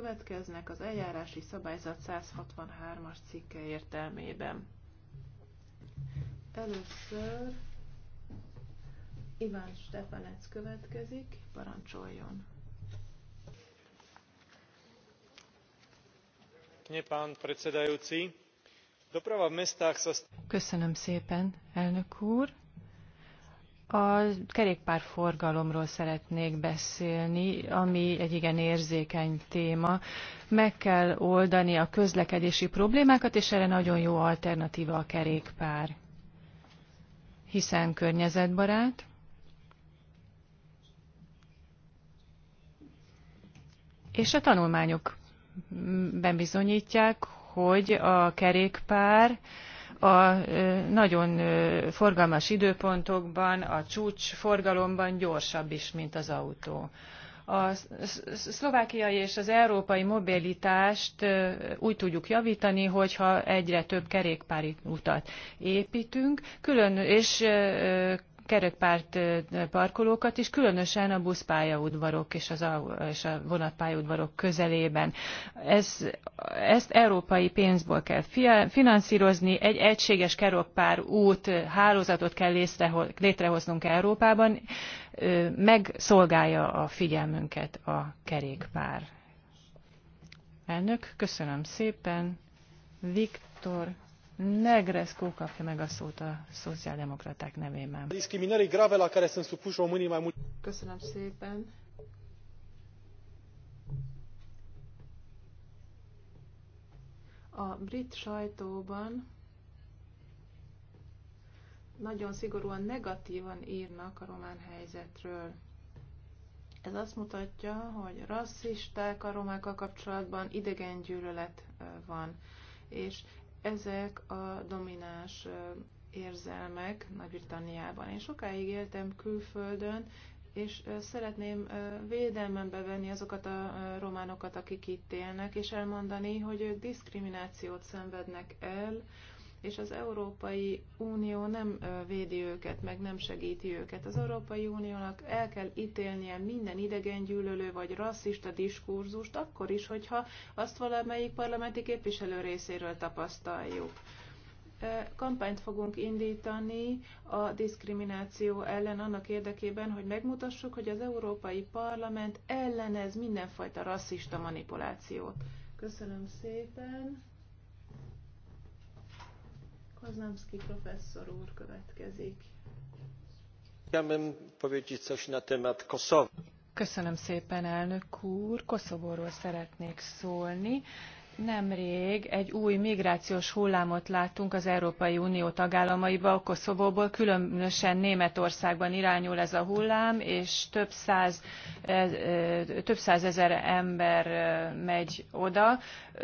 következnek az eljárási szabályzat 163-as cikke értelmében. Először Iván Stefanec következik, parancsoljon. Pán predsedajúci, doprava v mestách sa... Köszönöm szépen, elnök úr. A kerékpárforgalomról szeretnék beszélni, ami egy igen érzékeny téma. Meg kell oldani a közlekedési problémákat, és erre nagyon jó alternatíva a kerékpár. Hiszen környezetbarát, és a tanulmányok bizonyítják, hogy a kerékpár a nagyon forgalmas időpontokban, a csúcs forgalomban gyorsabb is, mint az autó. A szlovákiai és az európai mobilitást úgy tudjuk javítani, hogyha egyre több kerékpári utat építünk, külön, és kerekpárt parkolókat is, különösen a buszpályaudvarok és, az, és a vonatpályaudvarok közelében. Ez, ezt európai pénzből kell finanszírozni, egy egységes kerekpár út hálózatot kell létrehoznunk Európában, megszolgálja a figyelmünket a kerékpár. Elnök, köszönöm szépen. Viktor Negrescu kapja meg a szót a szociáldemokraták nevében. Discriminării grave la care Köszönöm szépen. A brit sajtóban nagyon szigorúan negatívan írnak a román helyzetről. Ez azt mutatja, hogy rasszisták a romákkal kapcsolatban idegen gyűlölet van. És ezek a domináns érzelmek Nagy-Britanniában. Én sokáig éltem külföldön, és szeretném védelmembe venni azokat a románokat, akik itt élnek, és elmondani, hogy ők diszkriminációt szenvednek el, és az Európai Unió nem védi őket, meg nem segíti őket. Az Európai Uniónak el kell ítélnie minden idegengyűlölő vagy rasszista diskurzust, akkor is, hogyha azt valamelyik parlamenti képviselő részéről tapasztaljuk kampányt fogunk indítani a diszkrimináció ellen annak érdekében, hogy megmutassuk, hogy az Európai Parlament ellenez mindenfajta rasszista manipulációt. Köszönöm szépen. Kozlemski professzor úr következik. Köszönöm szépen, elnök úr. Koszovóról szeretnék szólni. Nemrég egy új migrációs hullámot láttunk az Európai Unió tagállamaiba, Koszovóból, különösen Németországban irányul ez a hullám, és több száz, több százezer ember megy oda.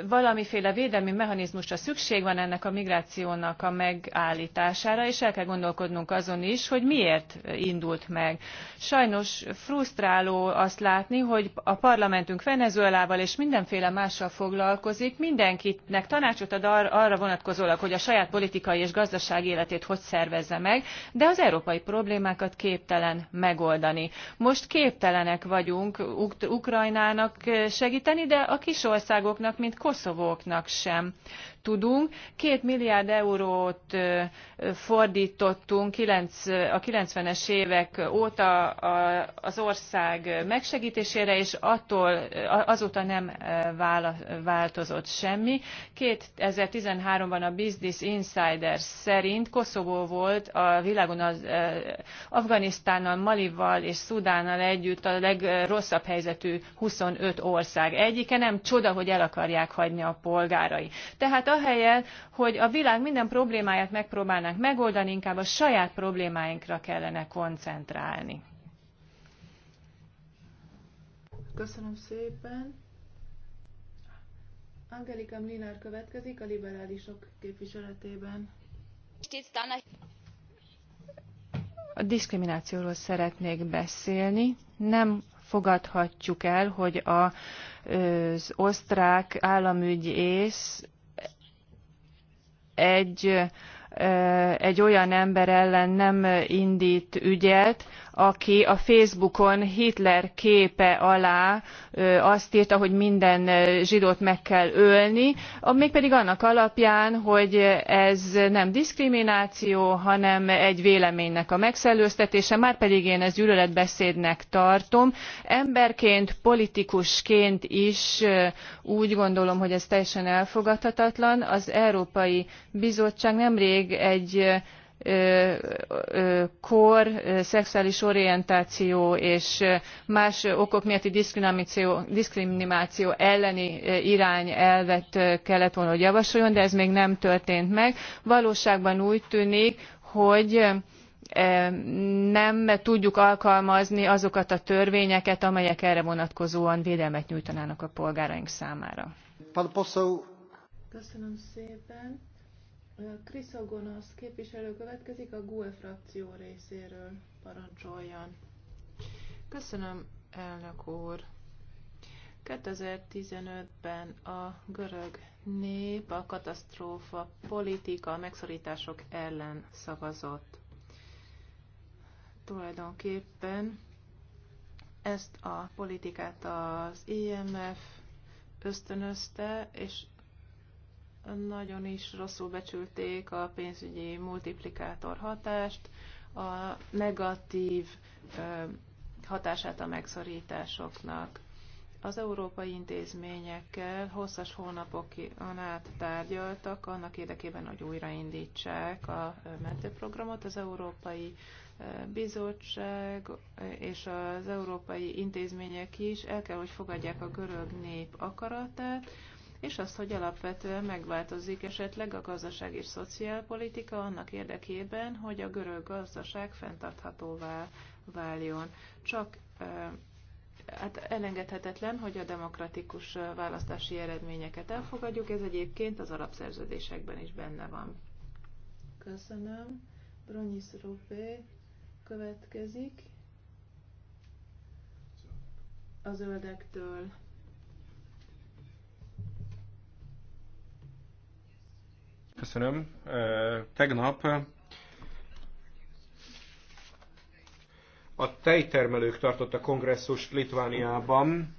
Valamiféle védelmi mechanizmusra szükség van ennek a migrációnak a megállítására, és el kell gondolkodnunk azon is, hogy miért indult meg. Sajnos frusztráló azt látni, hogy a parlamentünk Venezuelával és mindenféle mással foglalkozik, vonatkozik, mindenkinek tanácsot ad arra vonatkozólag, hogy a saját politikai és gazdasági életét hogy szervezze meg, de az európai problémákat képtelen megoldani. Most képtelenek vagyunk Ukrajnának segíteni, de a kis országoknak, mint Koszovóknak sem tudunk. Két milliárd eurót fordítottunk a 90-es évek óta az ország megsegítésére, és attól azóta nem változott semmi. 2013-ban a Business Insider szerint Koszovó volt a világon az Afganisztánnal, Malival és Szudánnal együtt a legrosszabb helyzetű 25 ország. Egyike nem csoda, hogy el akarják hagyni a polgárai. Tehát ahelyett, hogy a világ minden problémáját megpróbálnánk megoldani, inkább a saját problémáinkra kellene koncentrálni. Köszönöm szépen. Angelika Mlinár következik a liberálisok képviseletében. A diszkriminációról szeretnék beszélni. Nem fogadhatjuk el, hogy az osztrák államügyész egy, olyan ember ellen nem indít ügyet, aki a Facebookon Hitler képe alá azt rta hogy minden zsidót meg kell ölni, mégpedig annak alapján, hogy ez nem diszkrimináció, hanem egy véleménynek a megszellőztetése, már pedig én ezt gyűlöletbeszédnek tartom. Emberként, politikusként is úgy gondolom, hogy ez teljesen elfogadhatatlan. Az Európai Bizottság nemrég egy kor, szexuális orientáció és más okok miatti diszkrimináció, elleni irányelvet kellett volna, hogy javasoljon, de ez még nem történt meg. Valóságban úgy tűnik, hogy nem tudjuk alkalmazni azokat a törvényeket, amelyek erre vonatkozóan védelmet nyújtanának a polgáraink számára. Köszönöm szépen. Kriszogonosz képviselő következik a GUE frakció részéről. Parancsoljon. Köszönöm, elnök úr. 2015-ben a görög nép a katasztrófa politika, a megszorítások ellen szavazott. Tulajdonképpen ezt a politikát az IMF ösztönözte, és nagyon is rosszul becsülték a pénzügyi multiplikátor hatást, a negatív hatását a megszorításoknak. Az európai intézményekkel hosszas hónapokon át tárgyaltak annak érdekében, hogy újraindítsák a mentőprogramot. Az Európai Bizottság és az európai intézmények is el kell, hogy fogadják a görög nép akaratát, és azt, hogy alapvetően megváltozik esetleg a gazdaság és szociálpolitika annak érdekében, hogy a görög gazdaság fenntarthatóvá váljon. Csak hát elengedhetetlen, hogy a demokratikus választási eredményeket elfogadjuk, ez egyébként az alapszerződésekben is benne van. Köszönöm. Bronis Rupé következik. A zöldektől. Köszönöm. Tegnap a tejtermelők tartott a kongresszust Litvániában.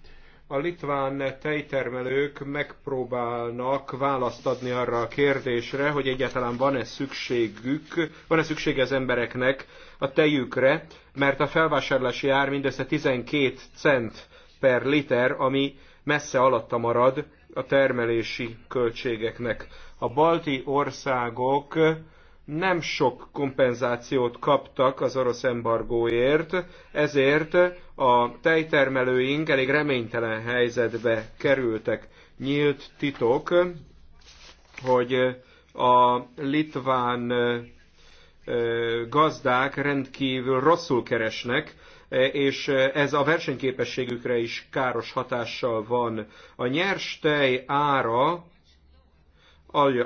A litván tejtermelők megpróbálnak választ adni arra a kérdésre, hogy egyáltalán van-e szükségük, van-e szüksége az embereknek a tejükre, mert a felvásárlási ár mindössze 12 cent per liter, ami messze alatta marad a termelési költségeknek a balti országok nem sok kompenzációt kaptak az orosz embargóért, ezért a tejtermelőink elég reménytelen helyzetbe kerültek. Nyílt titok, hogy a litván gazdák rendkívül rosszul keresnek, és ez a versenyképességükre is káros hatással van. A nyers tej ára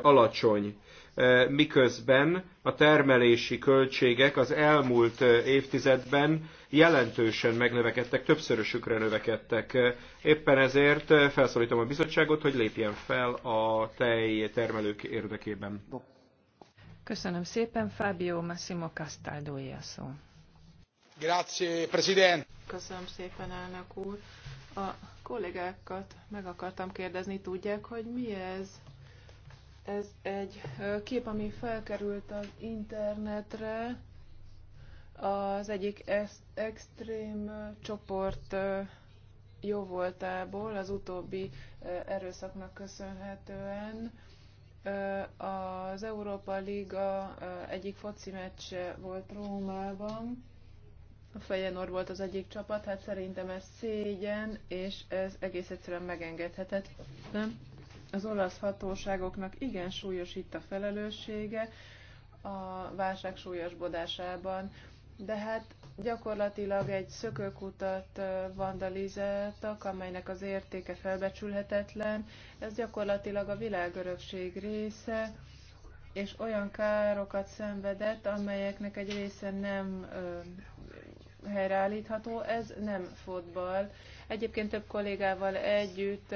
alacsony, e, miközben a termelési költségek az elmúlt e, évtizedben jelentősen megnövekedtek, többszörösükre növekedtek. E, éppen ezért felszólítom a bizottságot, hogy lépjen fel a tej termelők érdekében. Köszönöm szépen, Fábio Massimo castaldo szó. Grazie, President. Köszönöm szépen, elnök úr. A kollégákat meg akartam kérdezni, tudják, hogy mi ez ez egy kép, ami felkerült az internetre. Az egyik extrém csoport jó voltából az utóbbi erőszaknak köszönhetően az Európa Liga egyik foci meccse volt Rómában. A Fejenor volt az egyik csapat, hát szerintem ez szégyen, és ez egész egyszerűen megengedhetetlen. Az olasz hatóságoknak igen súlyos itt a felelőssége a válság súlyosbodásában, de hát gyakorlatilag egy szökőkutat vandalizáltak, amelynek az értéke felbecsülhetetlen. Ez gyakorlatilag a világörökség része, és olyan károkat szenvedett, amelyeknek egy része nem helyreállítható. Ez nem fotball. Egyébként több kollégával együtt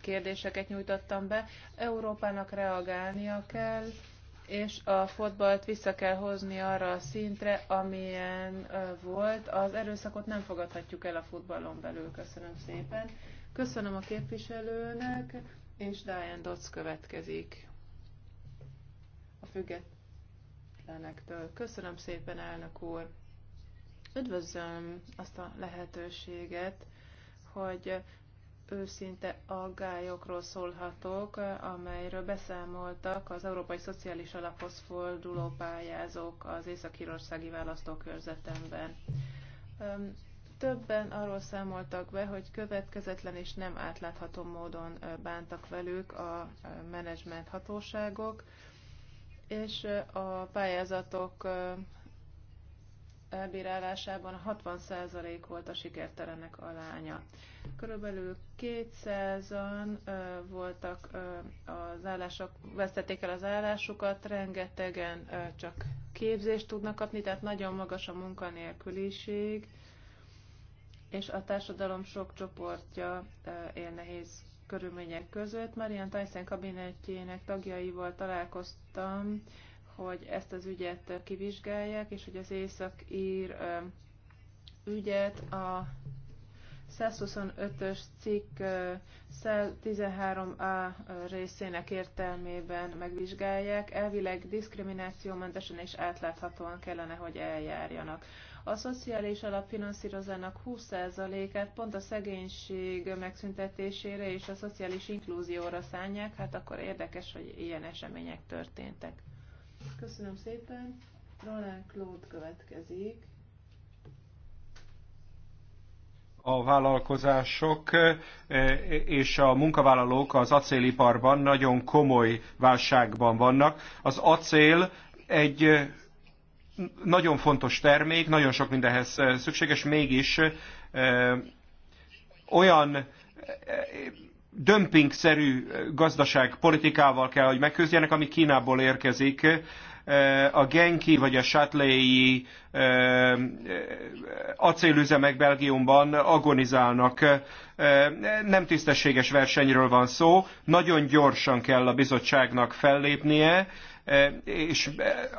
kérdéseket nyújtottam be. Európának reagálnia kell, és a fotbalt vissza kell hozni arra a szintre, amilyen volt. Az erőszakot nem fogadhatjuk el a futballon belül. Köszönöm szépen. Köszönöm a képviselőnek, és Diane Dodds következik a függetlenektől. Köszönöm szépen, elnök úr! Üdvözlöm azt a lehetőséget, hogy őszinte aggályokról szólhatok, amelyről beszámoltak az Európai Szociális Alaphoz forduló pályázók az Észak-Írországi választókörzetemben. Többen arról számoltak be, hogy következetlen és nem átlátható módon bántak velük a menedzsment hatóságok, és a pályázatok elbírálásában 60% volt a sikertelenek alánya. Körülbelül 200-an voltak az állások, vesztették el az állásukat, rengetegen csak képzést tudnak kapni, tehát nagyon magas a munkanélküliség, és a társadalom sok csoportja él nehéz körülmények között. Marian Tyson kabinetjének tagjaival találkoztam, hogy ezt az ügyet kivizsgálják, és hogy az északír ügyet a 125-ös cikk 113a részének értelmében megvizsgálják, elvileg diszkriminációmentesen és átláthatóan kellene, hogy eljárjanak. A szociális alapfinanszírozának 20%-át pont a szegénység megszüntetésére és a szociális inklúzióra szánják, hát akkor érdekes, hogy ilyen események történtek. Köszönöm szépen. Roland Claude következik. a vállalkozások e, és a munkavállalók az acéliparban nagyon komoly válságban vannak. Az acél egy e, nagyon fontos termék, nagyon sok mindenhez e, szükséges, mégis olyan dömpingszerű eh, gazdaságpolitikával kell, hogy megküzdjenek, ami Kínából érkezik. Eh, a Genki vagy a Satléi eh, acélüzemek Belgiumban agonizálnak. Nem tisztességes versenyről van szó, nagyon gyorsan kell a bizottságnak fellépnie, és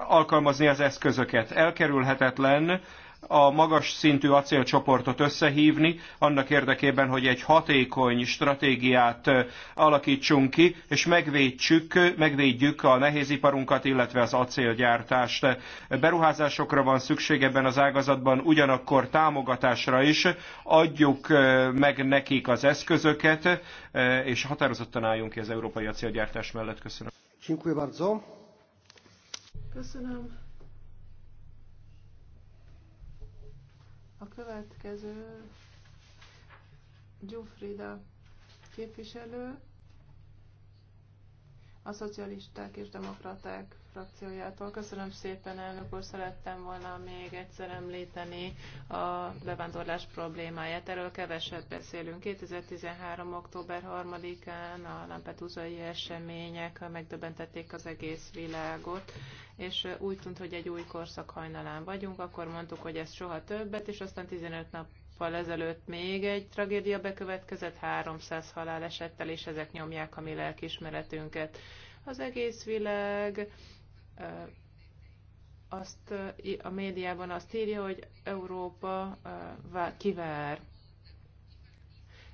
alkalmazni az eszközöket. Elkerülhetetlen, a magas szintű acélcsoportot összehívni, annak érdekében, hogy egy hatékony stratégiát alakítsunk ki, és megvédjük, megvédjük a nehéziparunkat, illetve az acélgyártást. Beruházásokra van szükség ebben az ágazatban, ugyanakkor támogatásra is. Adjuk meg nekik az eszközöket, és határozottan álljunk ki az európai acélgyártás mellett. Köszönöm. Köszönöm. A következő Gyufrida képviselő, a szocialisták és demokraták frakciójától. Köszönöm szépen, elnök úr, szerettem volna még egyszer említeni a bevándorlás problémáját. Erről keveset beszélünk. 2013. október 3-án a Lampedusai események megdöbentették az egész világot, és úgy tűnt, hogy egy új korszak hajnalán vagyunk. Akkor mondtuk, hogy ez soha többet, és aztán 15 nap nappal ezelőtt még egy tragédia bekövetkezett 300 halálesettel, és ezek nyomják a mi lelkismeretünket. Az egész világ azt a médiában azt írja, hogy Európa kivár.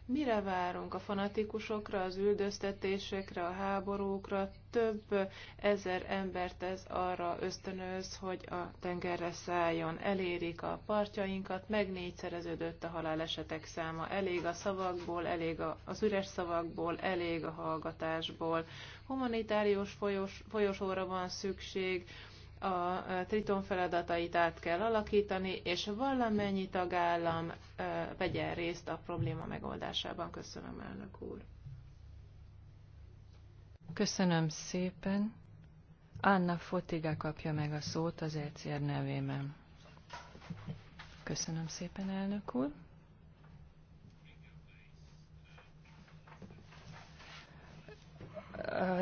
Mire várunk? A fanatikusokra, az üldöztetésekre, a háborúkra? Több ezer embert ez arra ösztönöz, hogy a tengerre szálljon. Elérik a partjainkat, meg négyszereződött a halálesetek száma. Elég a szavakból, elég a, az üres szavakból, elég a hallgatásból. Humanitárius folyos, folyosóra van szükség, a Triton feladatait át kell alakítani, és valamennyi tagállam vegyen részt a probléma megoldásában. Köszönöm, elnök úr. Köszönöm szépen. Anna Fotiga kapja meg a szót az ECR nevében. Köszönöm szépen, elnök úr.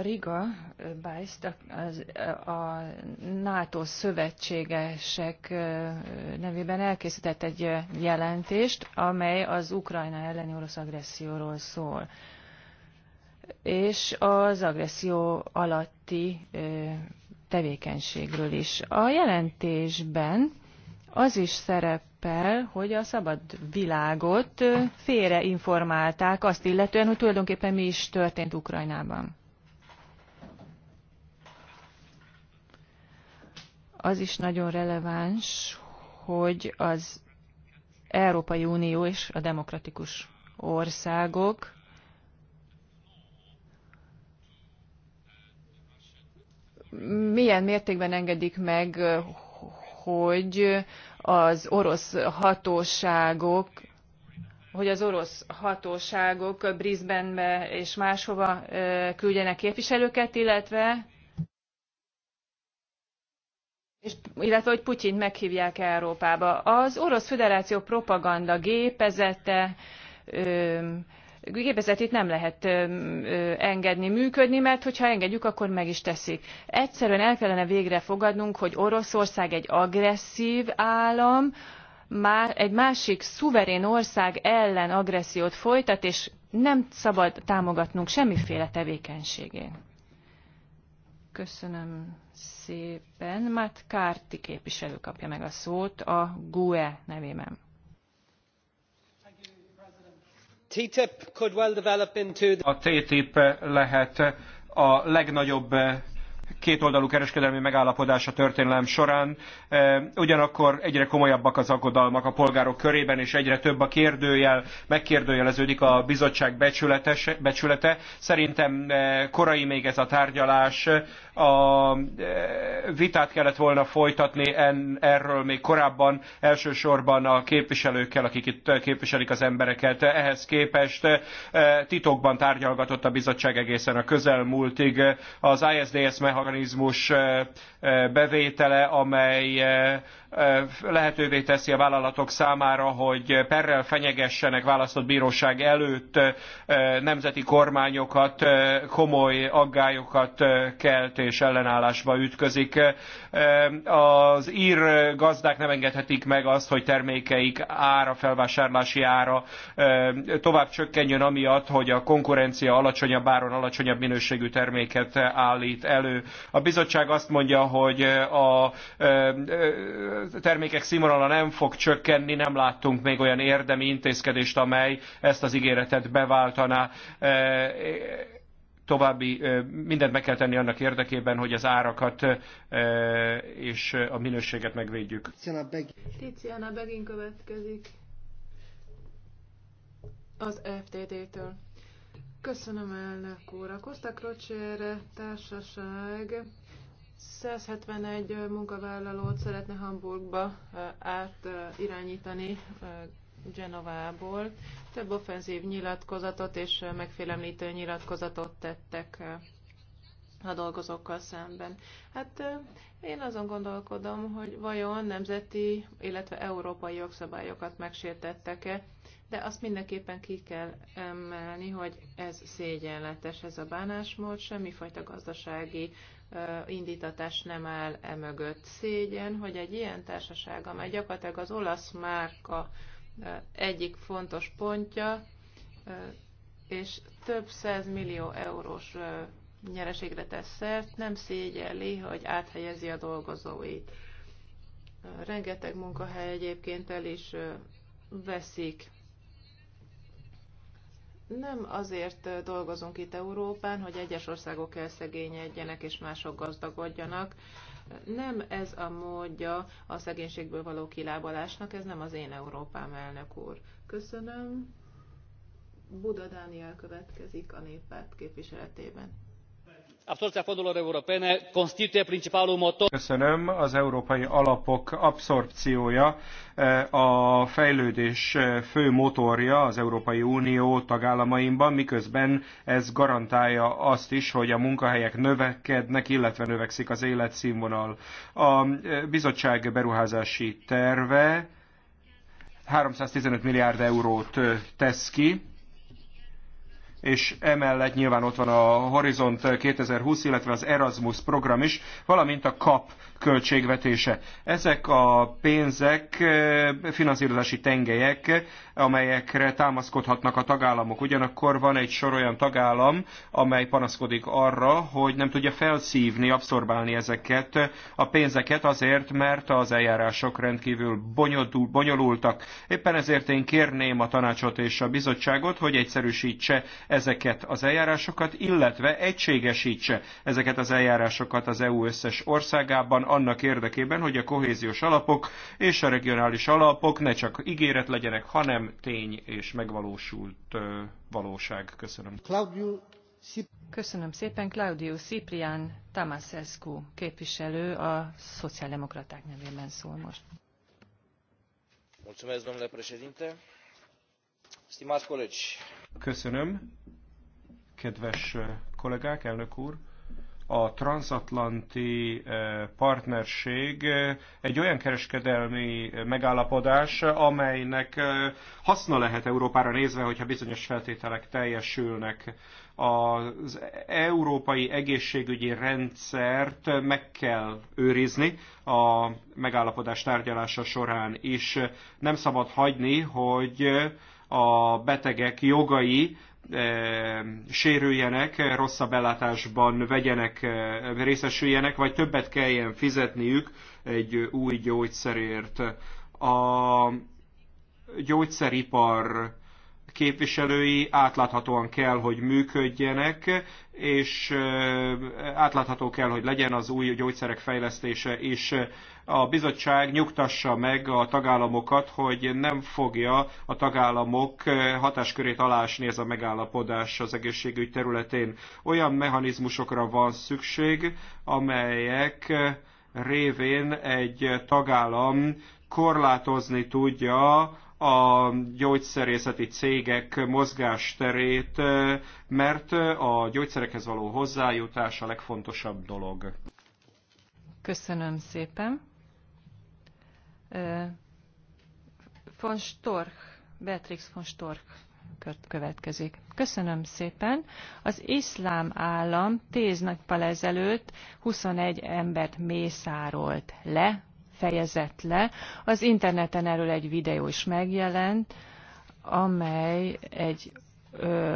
Riga Bajszt, a, a NATO szövetségesek nevében elkészített egy jelentést, amely az Ukrajna elleni orosz agresszióról szól és az agresszió alatti tevékenységről is. A jelentésben az is szerepel, hogy a szabad világot félreinformálták azt illetően, hogy tulajdonképpen mi is történt Ukrajnában. Az is nagyon releváns, hogy az Európai Unió és a demokratikus országok milyen mértékben engedik meg, hogy az orosz hatóságok hogy az orosz hatóságok Brisbanebe és máshova eh, küldjenek képviselőket, illetve és, illetve hogy Putyint meghívják Európába. Az Orosz Föderáció propaganda gépezete, gépezetét nem lehet engedni működni, mert hogyha engedjük, akkor meg is teszik. Egyszerűen el kellene végre fogadnunk, hogy Oroszország egy agresszív állam, már egy másik szuverén ország ellen agressziót folytat, és nem szabad támogatnunk semmiféle tevékenységén. Köszönöm szépen. Matt Kárti képviselő kapja meg a szót a GUE nevében. A TTIP lehet a legnagyobb kétoldalú kereskedelmi megállapodás a történelem során. Ugyanakkor egyre komolyabbak az aggodalmak a polgárok körében, és egyre több a kérdőjel, megkérdőjeleződik a bizottság becsülete. Szerintem korai még ez a tárgyalás, a e, vitát kellett volna folytatni en, erről még korábban, elsősorban a képviselőkkel, akik itt képviselik az embereket. Ehhez képest e, titokban tárgyalgatott a bizottság egészen a közelmúltig az ISDS mechanizmus e, bevétele, amely lehetővé teszi a vállalatok számára, hogy perrel fenyegessenek választott bíróság előtt nemzeti kormányokat, komoly aggályokat kelt és ellenállásba ütközik. Az ír gazdák nem engedhetik meg azt, hogy termékeik ára, felvásárlási ára tovább csökkenjön amiatt, hogy a konkurencia alacsonyabb áron alacsonyabb minőségű terméket állít elő. A bizottság azt mondja, hogy a termékek színvonala nem fog csökkenni, nem láttunk még olyan érdemi intézkedést, amely ezt az ígéretet beváltaná. E, további e, mindent meg kell tenni annak érdekében, hogy az árakat e, és a minőséget megvédjük. Tiziana Begin következik az FTD-től. Köszönöm elnök úr. A társaság 171 munkavállalót szeretne Hamburgba átirányítani Genovából. Több offenzív nyilatkozatot és megfélemlítő nyilatkozatot tettek a dolgozókkal szemben. Hát én azon gondolkodom, hogy vajon nemzeti, illetve európai jogszabályokat megsértettek-e, de azt mindenképpen ki kell emelni, hogy ez szégyenletes, ez a bánásmód, semmifajta gazdasági indítatás nem áll e mögött. Szégyen, hogy egy ilyen társaság, amely gyakorlatilag az olasz márka egyik fontos pontja, és több száz millió eurós nyereségre tesz szert, nem szégyeli, hogy áthelyezi a dolgozóit. Rengeteg munkahely egyébként el is veszik nem azért dolgozunk itt Európán, hogy egyes országok elszegényedjenek és mások gazdagodjanak. Nem ez a módja a szegénységből való kilábalásnak, ez nem az én Európám, elnök úr. Köszönöm. Buda Dániel következik a néppárt képviseletében absorbția fondurilor europene constituie principalul motor. Köszönöm, az európai alapok abszorpciója eh, a fejlődés eh, fő motorja az Európai Unió tagállamainban, miközben ez garantálja azt is, hogy a munkahelyek növekednek, illetve növekszik az életszínvonal. A eh, bizottság beruházási terve 315 milliárd eurót tesz ki, és emellett nyilván ott van a Horizont 2020, illetve az Erasmus program is, valamint a KAP költségvetése. Ezek a pénzek finanszírozási tengelyek, amelyekre támaszkodhatnak a tagállamok. Ugyanakkor van egy sor olyan tagállam, amely panaszkodik arra, hogy nem tudja felszívni, abszorbálni ezeket a pénzeket azért, mert az eljárások rendkívül bonyolultak. Éppen ezért én kérném a tanácsot és a bizottságot, hogy egyszerűsítse ezeket az eljárásokat, illetve egységesítse ezeket az eljárásokat az EU összes országában, annak érdekében, hogy a kohéziós alapok és a regionális alapok ne csak ígéret legyenek, hanem tény és megvalósult valóság. Köszönöm. Köszönöm szépen. Claudio Ciprian Tamasescu képviselő a szociáldemokraták nevében szól most. Köszönöm, kedves kollégák, elnök úr a transatlanti eh, partnerség eh, egy olyan kereskedelmi eh, megállapodás, amelynek haszna lehet Európára nézve, hogyha bizonyos feltételek teljesülnek. Az európai egészségügyi rendszert meg kell őrizni a megállapodás tárgyalása során is. Nem szabad hagyni, hogy a betegek jogai sérüljenek, rosszabb ellátásban vegyenek, részesüljenek, vagy többet kelljen fizetniük egy új gyógyszerért. A gyógyszeripar képviselői átláthatóan kell, hogy működjenek, és átlátható kell, hogy legyen az új gyógyszerek fejlesztése is. A bizottság nyugtassa meg a tagállamokat, hogy nem fogja a tagállamok hatáskörét alásni ez a megállapodás az egészségügy területén. Olyan mechanizmusokra van szükség, amelyek révén egy tagállam korlátozni tudja a gyógyszerészeti cégek mozgásterét, mert a gyógyszerekhez való hozzájutás a legfontosabb dolog. Köszönöm szépen. Von Storch, Beatrix von Storch következik. Köszönöm szépen. Az iszlám állam tíz nappal ezelőtt 21 embert mészárolt le, fejezett le. Az interneten erről egy videó is megjelent, amely egy,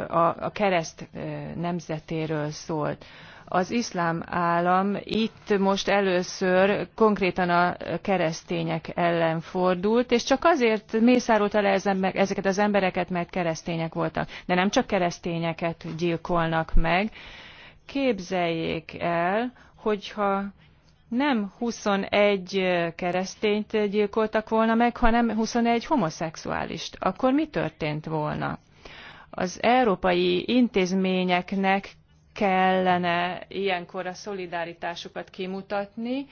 a, a kereszt nemzetéről szólt az iszlám állam itt most először konkrétan a keresztények ellen fordult, és csak azért mészárolta le ezeket az embereket, mert keresztények voltak. De nem csak keresztényeket gyilkolnak meg. Képzeljék el, hogyha nem 21 keresztényt gyilkoltak volna meg, hanem 21 homoszexuálist. Akkor mi történt volna? Az európai intézményeknek kellene ilyenkor a szolidaritásukat kimutatni,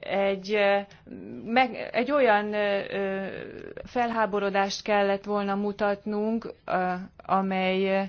egy, meg, egy olyan ö, felháborodást kellett volna mutatnunk, ö, amely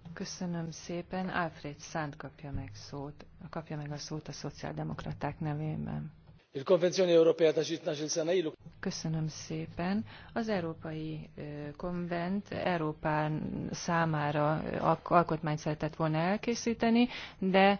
Köszönöm szépen. Alfred Szánt kapja meg, szót, kapja meg a szót a szociáldemokraták nevében. Köszönöm szépen. Az Európai Konvent Európán számára alkotmányt szeretett volna elkészíteni, de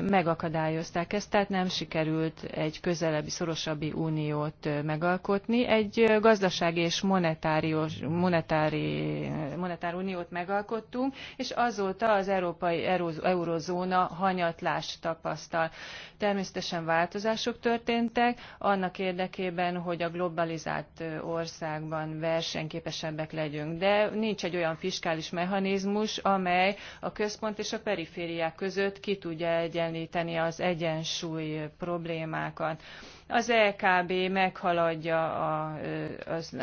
megakadályozták ezt, tehát nem sikerült egy közelebbi, szorosabbi uniót megalkotni. Egy gazdasági és monetáriós, monetári, monetár uniót megalkottunk, és azóta az európai eurozóna hanyatlást tapasztal. Természetesen változások történtek, történtek, annak érdekében, hogy a globalizált országban versenyképesebbek legyünk. De nincs egy olyan fiskális mechanizmus, amely a központ és a perifériák között ki tudja egyenlíteni az egyensúly problémákat az EKB meghaladja a,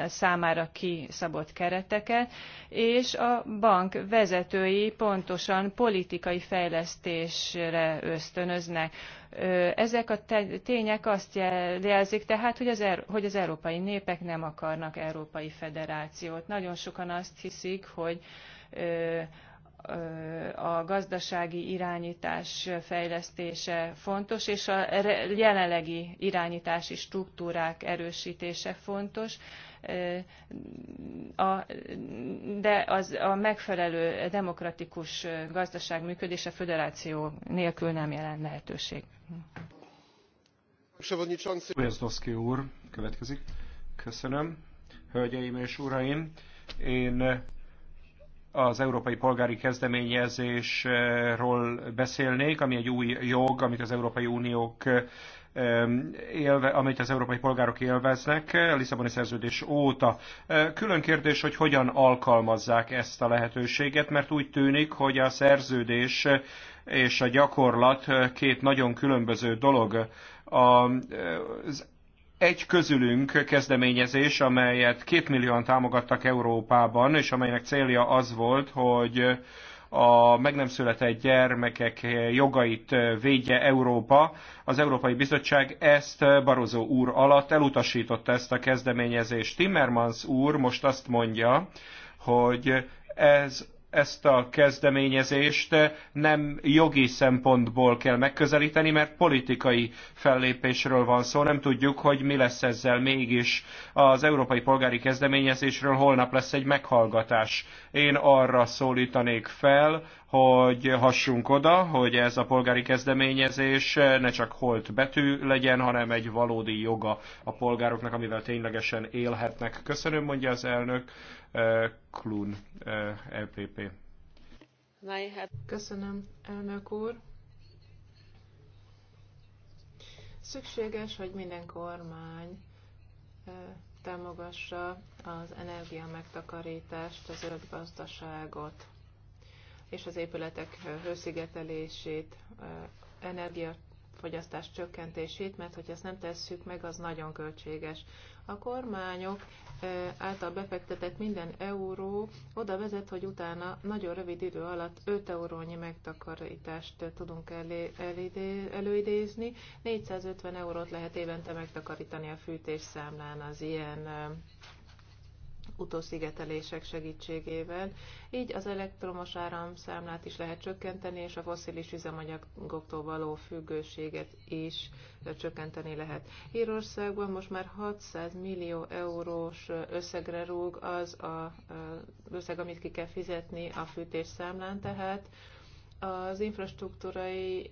számára kiszabott kereteket, és a bank vezetői pontosan politikai fejlesztésre ösztönöznek. Ezek a tények azt jelzik tehát, hogy az, er-, hogy az európai népek nem akarnak európai federációt. Nagyon sokan azt hiszik, hogy a gazdasági irányítás fejlesztése fontos, és a jelenlegi irányítási struktúrák erősítése fontos, de az a megfelelő demokratikus gazdaság működése föderáció nélkül nem jelent lehetőség. Wezdowski úr következik. Köszönöm. Hölgyeim és uraim, én az európai polgári kezdeményezésről beszélnék, ami egy új jog, amit az Európai Uniók élve, amit az európai polgárok élveznek a Lisszaboni szerződés óta. Külön kérdés, hogy hogyan alkalmazzák ezt a lehetőséget, mert úgy tűnik, hogy a szerződés és a gyakorlat két nagyon különböző dolog. Az egy közülünk kezdeményezés, amelyet két millióan támogattak Európában, és amelynek célja az volt, hogy a meg nem született gyermekek jogait védje Európa. Az Európai Bizottság ezt Barozó úr alatt elutasította ezt a kezdeményezést. Timmermans úr most azt mondja, hogy ez ezt a kezdeményezést nem jogi szempontból kell megközelíteni, mert politikai fellépésről van szó, nem tudjuk, hogy mi lesz ezzel mégis. Az európai polgári kezdeményezésről holnap lesz egy meghallgatás. Én arra szólítanék fel, hogy hassunk oda, hogy ez a polgári kezdeményezés ne csak holt betű legyen, hanem egy valódi joga a polgároknak, amivel ténylegesen élhetnek. Köszönöm, mondja az elnök. Klun, LPP. Köszönöm, elnök úr. Szükséges, hogy minden kormány támogassa az energia megtakarítást, az zöld gazdaságot és az épületek hőszigetelését, energiafogyasztás csökkentését, mert hogy ezt nem tesszük meg, az nagyon költséges. A kormányok által befektetett minden euró oda vezet, hogy utána nagyon rövid idő alatt 5 eurónyi megtakarítást tudunk elé, elidé, előidézni. 450 eurót lehet évente megtakarítani a fűtésszámlán az ilyen utószigetelések segítségével. Így az elektromos áramszámlát is lehet csökkenteni, és a fosszilis üzemanyagoktól való függőséget is csökkenteni lehet. Írországban most már 600 millió eurós összegre rúg az a összeg, amit ki kell fizetni a fűtésszámlán, tehát az infrastruktúrai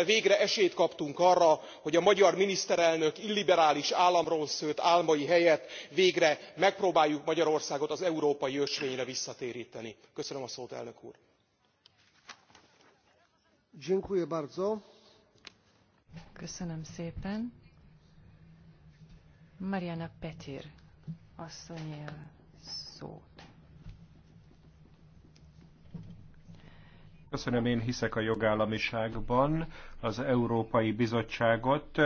ezzel végre esélyt kaptunk arra hogy a magyar miniszterelnök illiberális államról szőtt álmai helyett végre megpróbáljuk magyarországot az európai ösvényre visszatérteni. köszönöm a szót elnök úr! Köszönöm szépen. Mariana Petir Köszönöm, én hiszek a jogállamiságban az Európai Bizottságot.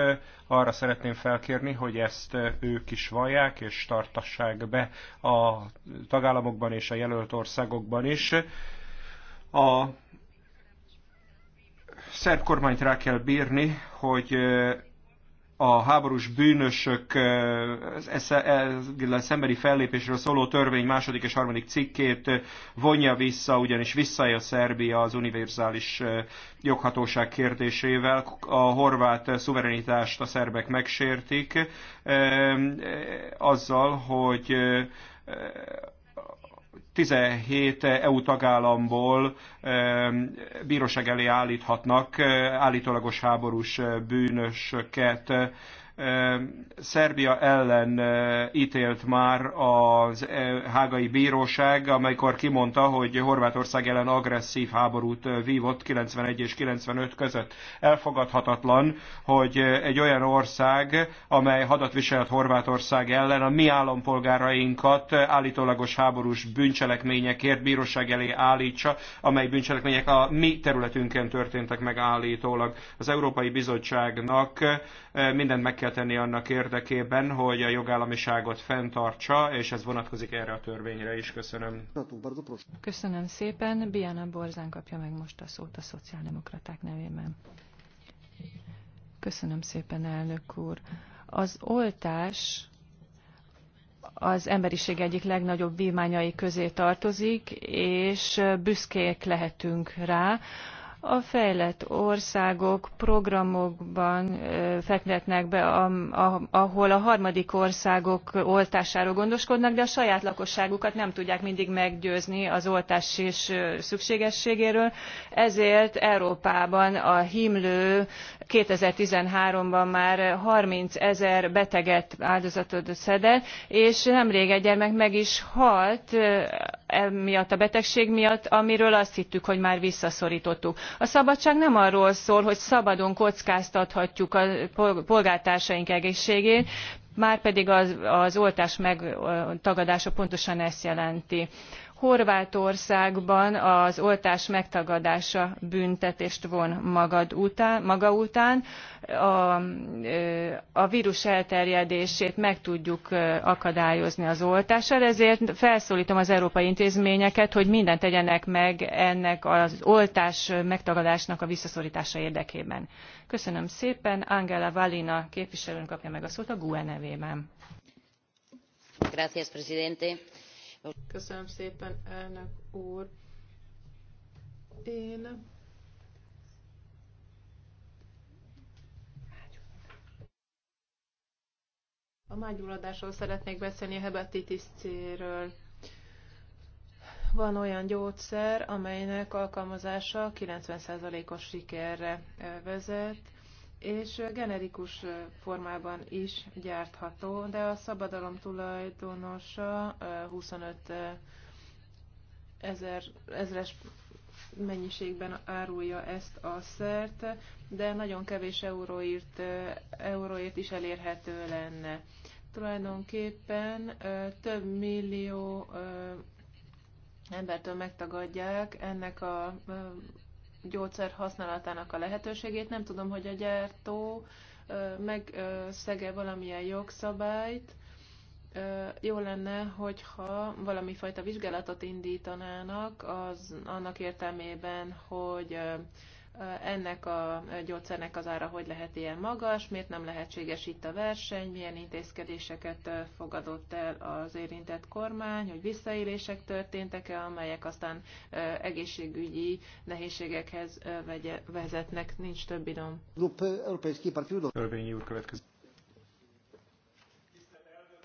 Arra szeretném felkérni, hogy ezt ők is vallják, és tartassák be a tagállamokban és a jelölt országokban is. A szerb kormányt rá kell bírni, hogy a háborús bűnösök eh, szembeni fellépésről szóló törvény második és harmadik cikkét eh, vonja vissza, ugyanis visszaél Szerbia az univerzális eh, joghatóság kérdésével. A horvát szuverenitást a szerbek megsértik azzal, hogy 17 EU tagállamból e, bíróság elé állíthatnak e, állítólagos háborús e, bűnösöket. Szerbia ellen ítélt már az hágai bíróság, amelykor kimondta, hogy Horvátország ellen agresszív háborút vívott 91 és 95 között. Elfogadhatatlan, hogy egy olyan ország, amely hadat viselt Horvátország ellen, a mi állampolgárainkat állítólagos háborús bűncselekményekért bíróság elé állítsa, amely bűncselekmények a mi területünken történtek meg állítólag. Az Európai Bizottságnak mindent meg kell kell tenni annak érdekében, hogy a jogállamiságot fenntartsa, és ez vonatkozik erre a törvényre is. Köszönöm. Köszönöm szépen. Biana Borzán kapja meg most a szót a szociáldemokraták nevében. Köszönöm szépen, elnök úr. Az oltás az emberiség egyik legnagyobb vívmányai közé tartozik, és büszkék lehetünk rá a fejlett országok programokban fektetnek be, ahol a harmadik országok oltásáról gondoskodnak, de a saját lakosságukat nem tudják mindig meggyőzni az oltás és szükségességéről. Ezért Európában a himlő 2013-ban már 30 ezer beteget áldozatot szedett, és nemrég egy gyermek meg is halt emiatt a betegség miatt, amiről azt hittük, hogy már visszaszorítottuk. A szabadság nem arról szól, hogy szabadon kockáztathatjuk a polgártársaink egészségét, márpedig az, az oltás megtagadása pontosan ezt jelenti Horvátországban az oltás megtagadása büntetést von magad után, maga után. A, a vírus elterjedését meg tudjuk akadályozni az oltással, ezért felszólítom az európai intézményeket, hogy mindent tegyenek meg ennek az oltás megtagadásnak a visszaszorítása érdekében. Köszönöm szépen. Angela Valina képviselőn kapja meg a szót a GUE nevében. Gracias, presidente Köszönöm szépen, elnök úr. Én a mágyulladásról szeretnék beszélni, a hepatitis C-ről van olyan gyógyszer, amelynek alkalmazása 90%-os sikerre vezet, és generikus formában is gyártható, de a szabadalom tulajdonosa 25 ezer, ezres mennyiségben árulja ezt a szert, de nagyon kevés euróért, euróért is elérhető lenne. Tulajdonképpen több millió embertől megtagadják ennek a gyógyszer használatának a lehetőségét. Nem tudom, hogy a gyártó megszege valamilyen jogszabályt. Jó lenne, hogyha valami fajta vizsgálatot indítanának az, annak értelmében, hogy ennek a gyógyszernek az ára hogy lehet ilyen magas, miért nem lehetséges itt a verseny, milyen intézkedéseket fogadott el az érintett kormány, hogy visszaélések történtek-e, amelyek aztán egészségügyi nehézségekhez vezetnek. Nincs több időm. Örvényi úr következik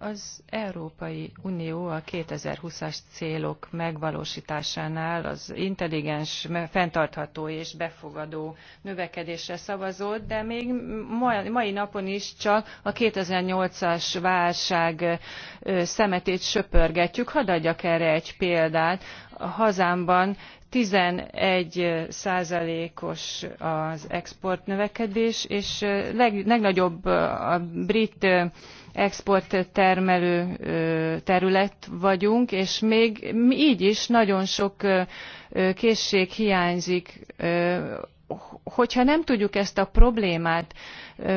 Az Európai Unió a 2020-as célok megvalósításánál az intelligens, fenntartható és befogadó növekedésre szavazott, de még mai napon is csak a 2008-as válság szemetét söpörgetjük. Hadd adjak erre egy példát. A hazámban 11 százalékos az exportnövekedés, és a legnagyobb a brit exporttermelő terület vagyunk, és még így is nagyon sok készség hiányzik hogyha nem tudjuk ezt a problémát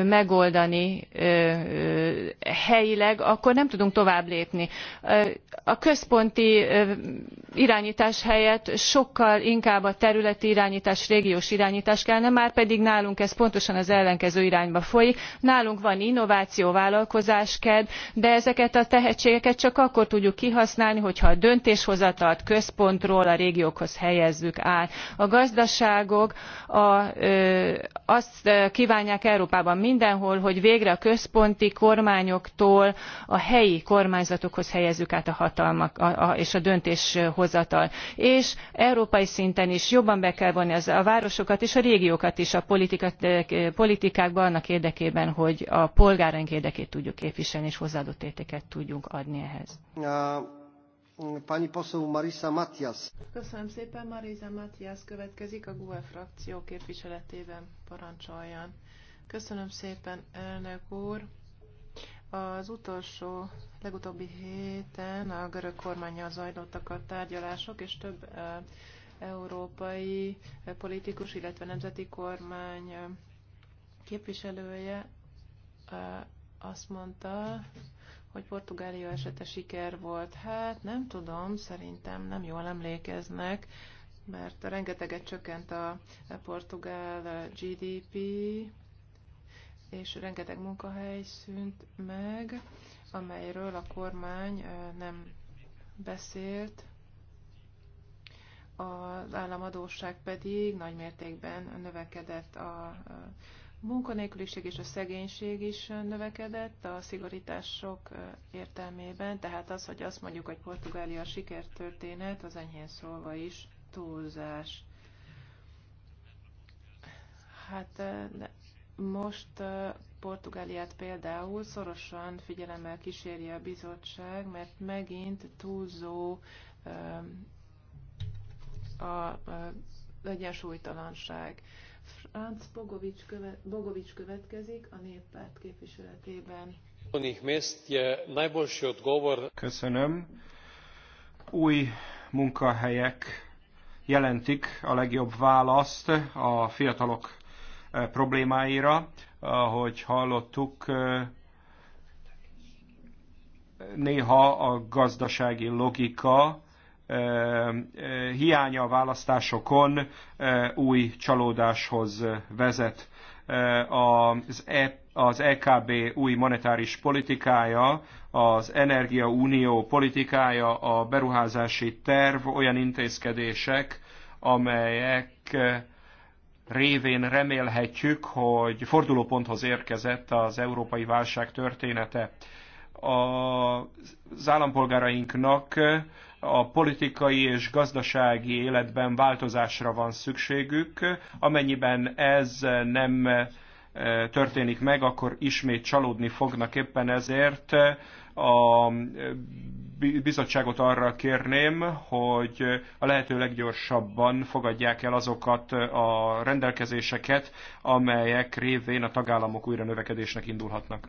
megoldani helyileg, akkor nem tudunk tovább lépni. A központi irányítás helyett sokkal inkább a területi irányítás, régiós irányítás kellene, már pedig nálunk ez pontosan az ellenkező irányba folyik. Nálunk van innováció, vállalkozás, KED, de ezeket a tehetségeket csak akkor tudjuk kihasználni, hogyha a döntéshozatalt központról a régiókhoz helyezzük át. A gazdaságok, a azt kvánják Európában mindenhol, hogy végre a központi kormányoktól a helyi kormányzatokhoz helyezzük át a hatalmat a, és a döntéshozatalt És európai szinten is jobban be kell vonni a városokat és a régiókat is a politikákba annak érdekében, hogy a polgáraink érdekét tudjuk képviselni és hozzáadott értéket tudjunk adni ehhez. Pani poseł Marisa Matias. Köszönöm szépen, Marisa Matias következik a GUE frakció képviseletében, parancsoljon. Köszönöm szépen, elnök úr. Az utolsó, legutóbbi héten a görög kormányjal zajlottak a tárgyalások, és több e, európai politikus, illetve nemzeti kormány e, képviselője e, azt mondta, hogy Portugália esete siker volt. Hát nem tudom, szerintem nem jól emlékeznek, mert rengeteget csökkent a portugál GDP, és rengeteg munkahely szűnt meg, amelyről a kormány nem beszélt, az államadóság pedig nagy mértékben növekedett a munkanélküliség és a szegénység is növekedett a szigorítások értelmében, tehát az, hogy azt mondjuk, hogy Portugália a sikertörténet, az enyhén szólva is túlzás. Hát most Portugáliát például szorosan figyelemmel kíséri a bizottság, mert megint túlzó a egyensúlytalanság. Ánc Bogovics, követ, Bogovics következik a néppárt képviseletében. Köszönöm. Új munkahelyek jelentik a legjobb választ a fiatalok e, problémáira. Ahogy hallottuk, e, néha a gazdasági logika hiánya a választásokon új csalódáshoz vezet. Az, e, az EKB új monetáris politikája, az energiaunió politikája, a beruházási terv olyan intézkedések, amelyek révén remélhetjük, hogy fordulóponthoz érkezett az európai válság története az állampolgárainknak a politikai és gazdasági életben változásra van szükségük. Amennyiben ez nem e, történik meg, akkor ismét csalódni fognak éppen ezért. A bizottságot arra kérném, hogy a lehető leggyorsabban fogadják el azokat a rendelkezéseket, amelyek révén a tagállamok újra növekedésnek indulhatnak.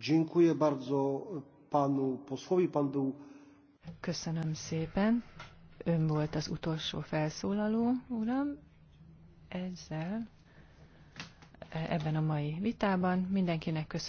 Dziękuję bardzo panu posłowi. Pan był... Köszönöm szépen. Ön volt az utolsó felszólaló, uram. Ezzel e, ebben a mai vitában mindenkinek köszönöm.